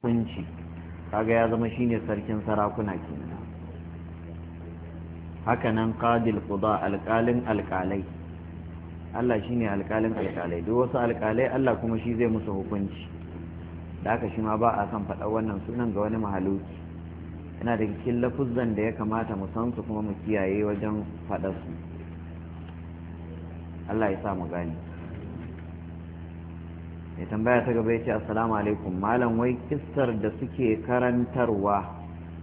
kunci kaga ya zama shine sarkin sarakuna kenan haka nan qadil quda alqalin alqalai Allah shine alqalin alqalai duk wasu alqalai Allah kuma shi zai musu hukunci da haka shi ma ba a san faɗa wannan sunan ga wani mahaluki yana da cikin lafuzzan da ya kamata mu san su kuma mu kiyaye wajen faɗa su Allah ya sa mu gani ya tambaya ta gaba ya ce assalamu alaikum malam wai kistar da suke karantarwa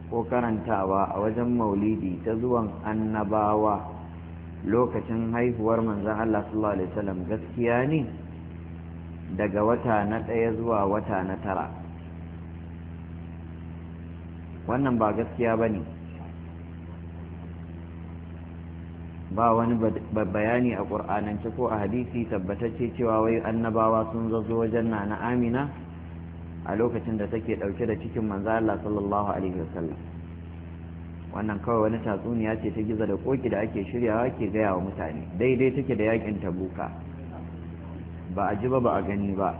ko karantawa a wajen maulidi ta zuwan annabawa lokacin haihuwar manzan Allah sallallahu alaihi wasallam gaskiya ne daga wata na ɗaya zuwa wata na tara wannan ba gaskiya ba ne ba wani bayani a ƙur'anance ko a hadisi tabbatacce cewa wai annabawa sun zazo wajen na na amina a lokacin da take ɗauke da cikin manzo Allah sallallahu alaihi wasallam wannan kawai wani tatsuniya ce ta giza da koki da ake shiryawa ke gaya wa mutane daidai take da yakin tabuka ba a ji ba ba a gani ba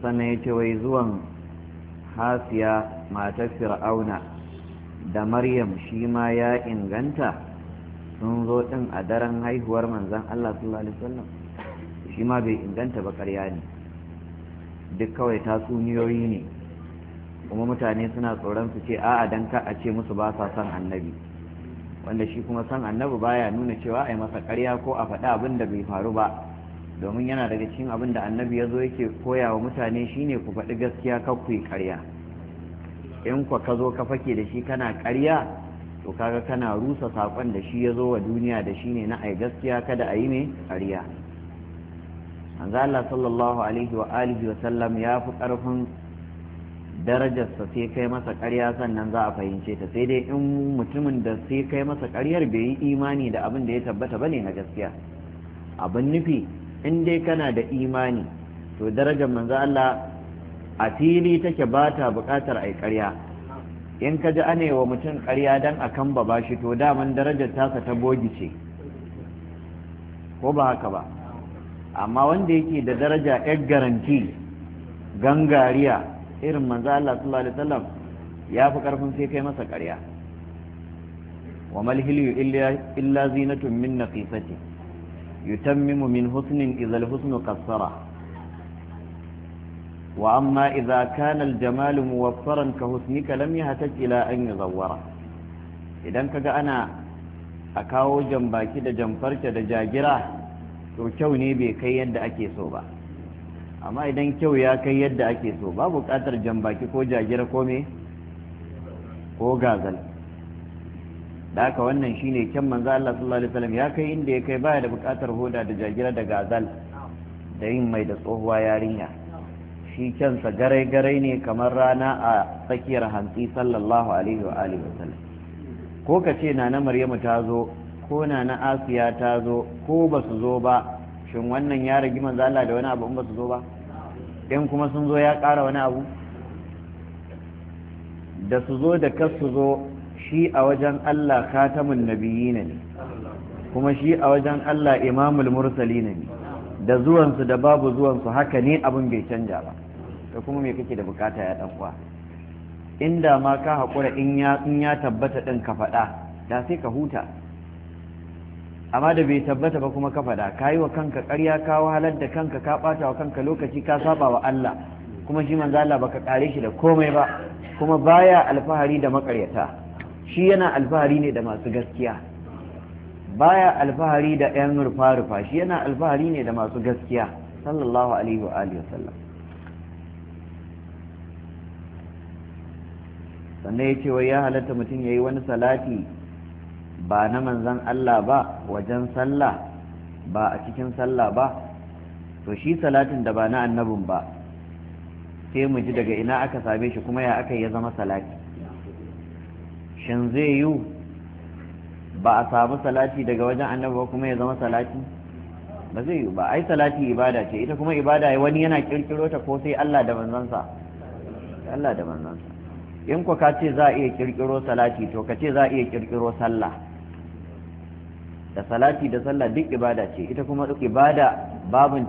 sannan ya ce wai zuwan hasiya matar fir'auna da maryam shi ma ya inganta sun zo ɗin a daren haihuwar manzan allah sallallahu alaihi wasallam shi ma bai inganta ba karya ne duk kawai tatsuniyoyi ne kuma mutane suna tsoron su ce a'a dan ka a ce musu ba sa son annabi wanda shi kuma son annabi baya nuna cewa a yi masa karya ko a faɗi abin da bai faru ba domin yana daga cikin abin da annabi ya zo yake koya wa mutane shine ku faɗi gaskiya kar ku yi ƙarya in ku ka zo ka fake da shi kana karya to kaga kana rusa saƙon da shi ya zo wa duniya da shi ne na ai gaskiya kada a yi ne ƙarya manzo Allah sallallahu alaihi wa alihi wa sallam ya fi ƙarfin sa sai kai masa ƙarya sannan za a fahimce ta sai dai in mutumin da sai kai masa ƙaryar bai yi imani da abin da ya tabbata bane na gaskiya abin nufi in dai kana da imani to darajar manzo Allah a fili take ba ta buƙatar ai ƙarya in ka ji ane wa mutum ƙarya dan a kan ba shi to daman darajar tasa ta bogi ce ko ba haka ba amma wanda yake da daraja yar garanti gangariya irin manzo Allah sallallahu alaihi wasallam ya fi karfin sai kai masa ƙarya wa malhilu illa zinatun min naqisati yutammimu min husnin idza al-husnu qassara wa amma idza jamalu muwaffaran ka husnika lam yahtaj ila an yuzawwara idan kaga ana a kawo jambaki da jamfarta da jagira to kyau ne bai kai yadda ake so ba amma idan kyau ya kai yadda ake so ba buƙatar jambaki ko jagira ko ko gazal da haka wannan shine kyan manzo Allah sallallahu alaihi wasallam ya kai inda ya kai baya da bukatar hoda da jagira da gazal da yin mai da tsohuwa yarinya shi kyansa garai garai ne kamar rana a tsakiyar hantsi sallallahu alaihi wa alihi wasallam ko ka ce nana maryamu ta zo ko nana asiya ta zo ko ba su zo ba shin wannan ya ragi manzo Allah da wani abu in ba su zo ba in kuma sun zo ya kara wani abu da su zo da kar su zo shi a wajen Allah katamun nabiyina ne kuma shi a wajen Allah imamul mursali ne da zuwansu da babu zuwansu haka ne abin bai canja ba da kuma me kake da bukata ya dan kwa inda ma ka haƙura in ya tabbata ɗin ka faɗa da sai ka huta amma da bai tabbata ba kuma ka faɗa ka yi wa kanka ƙarya ka wahalar da kanka ka ɓata wa kanka lokaci ka saba wa Allah kuma shi manzo Allah baka ƙare shi da komai ba kuma baya alfahari da maƙaryata shi yana alfahari ne da masu gaskiya baya alfahari da ɗan rufa-rufa shi yana alfahari ne da masu gaskiya sallallahu alaihi wa alihi wasallam sannan ya ce wai ya halatta mutum ya yi wani salati ba na manzan Allah ba wajen sallah ba a cikin sallah ba to shi salatin da ba na annabin ba sai mu ji daga ina aka same shi kuma ya aka ya zama salati shin zai yiwu ba a samu salati daga wajen annabi kuma ya zama salati ba zai yiwu ba ai salati ibada ce ita kuma ibada wani yana kirkiro ta ko sai Allah da manzansa Allah da manzansa in ku ka ce za a iya kirkiro salati to ka ce za a iya kirkiro sallah da salati da sallah duk ibada ce ita kuma duk ibada babin